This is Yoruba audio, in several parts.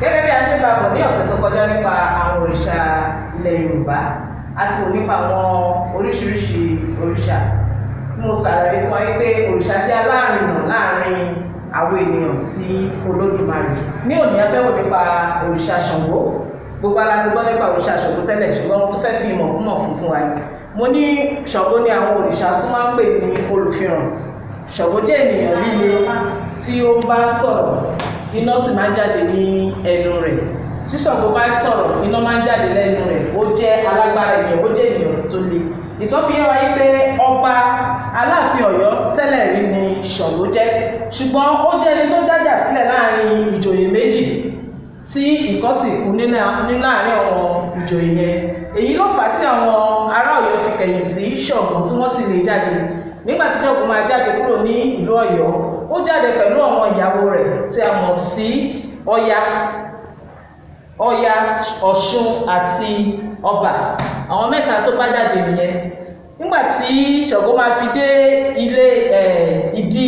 gẹ́gẹ́ bí a ṣe bá bọ̀ ní ọ̀sẹ̀ tó kọjá nípa àwọn òrìṣà ilẹ̀ Yorùbá àti nípa àwọn oríṣiríṣi òrìṣà mo ṣàlàyé fún wa wípé òrìṣà jẹ́ alárinà láàrin àwọn ènìyàn sí Olódùmarè ní òní a fẹ́ wò nípa òrìṣà Ṣàngó gbogbo aláti gbọ́ nípa òrìṣà Ṣàngó tẹ́lẹ̀ ṣùgbọ́n mo tún fẹ́ fi ìmọ̀ kúmọ̀ fún fún wa ni mo ní Ṣàngó ni àwọn òrìṣà tún máa ń pè ní olùfihàn Ṣàngó jẹ́ ènìyàn líle tí ó bá sọ̀rọ̀ iná sì máa ń jáde ní ẹnu rẹ̀ tí Ṣàngó bá sọ̀rọ̀ iná máa ń jáde lẹ́nu rẹ̀ ó jẹ́ alágbára ènìyàn ó jẹ́ ènìyàn tó le ìtọ́fihàn wáyé pé ọba aláàfin Ọ̀yọ́ tẹ́lẹ̀ rí ni Ṣàngó jẹ́ ṣùgbọ́n ó jẹ́ ẹni tó dájà sílẹ̀ láàrin ìjòyè méjì tí ìkọ́sì kú ní láàrin àwọn ìjòyè yẹn èyí ló fà á tí àwọn ará Ọ̀yọ́ fi kẹ̀yìn sí Ṣàngó tí wọ́n sì lè jáde nígbà tí Jákù máa jáde kúrò ní ìlú Ọ̀yọ́ ó jáde pẹ̀lú àwọn ìyàwó rẹ̀ tí a mọ̀ sí Ọya Ọya Ọ̀ṣun àti Ọbà àwọn mẹ́ta tó bá jáde nìyẹn nígbà tí Ṣàngó máa fi dé ilé ìdí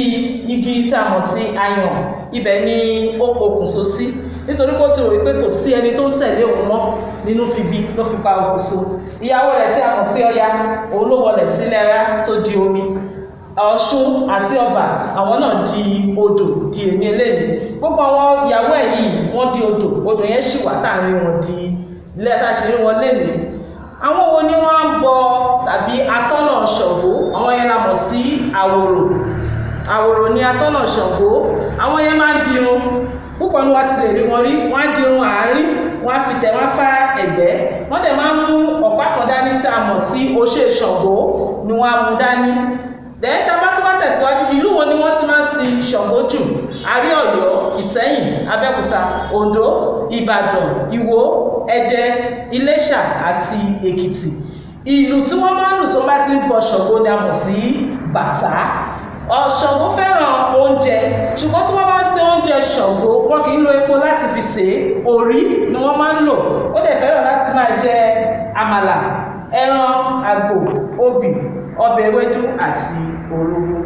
igi tí a mọ̀ sí ayọ̀n ibẹ̀ ni ó pokùnso sí nítorí pé ó ti rò wípé kò sí ẹni tó ń tẹ̀lé òun mọ́ nínú fi bí ló fi pa òkùnso ìyàwó rẹ̀ tí a mọ̀ sí Ọya òun ló wọlé tó di omi ọ̀ṣun àti ọba àwọn náà di odò di èmi eléyìí gbogbo àwọn ìyàwó ẹ̀ yìí wọ́n di odò odò yẹn sì wà táàrin wọn di lẹ́ẹ̀ta wọn lẹ́nìí àwọn wo ni wọ́n á bọ tàbí atọ́nà ṣọ̀gbó àwọn yẹn la mọ̀ sí àwòrò àwòrò ni atọ́nà ṣọ̀gbó àwọn yẹn máa ń dirun púpọ̀ ni wọ́n ti lè rí wọn rí wọ́n á dirun àárín wọ́n á fi tẹ̀ wọ́n á fa ẹ̀gbẹ́ wọ́n dẹ̀ máa ń mú ọ̀ mọ̀ sí oṣé ṣàngó ni wọ́n á mú dání dẹ́ẹ́ta bá tí wọ́n tẹ̀síwájú ìlú wo ni wọ́n ti máa ń sin ṣàngó jù àrí ọ̀yọ́ ìsẹ́yìn abẹ́òkúta oǹdó ìbàdàn ìwó ẹdẹ iléṣà àti èkìtì ìlù tí wọ́n máa ń lù tó bá ti ń bọ ṣàngó ni a mọ̀ sí bàtà ṣàngó fẹ́ràn oúnjẹ ṣùgbọ́n tí wọ́n bá ń ṣe oúnjẹ ṣàngó wọn kì í lo epo láti fi ṣe é orí ni wọ́n máa ń lò àgbò Obi. ọbẹ̀ ewédú àti orógbó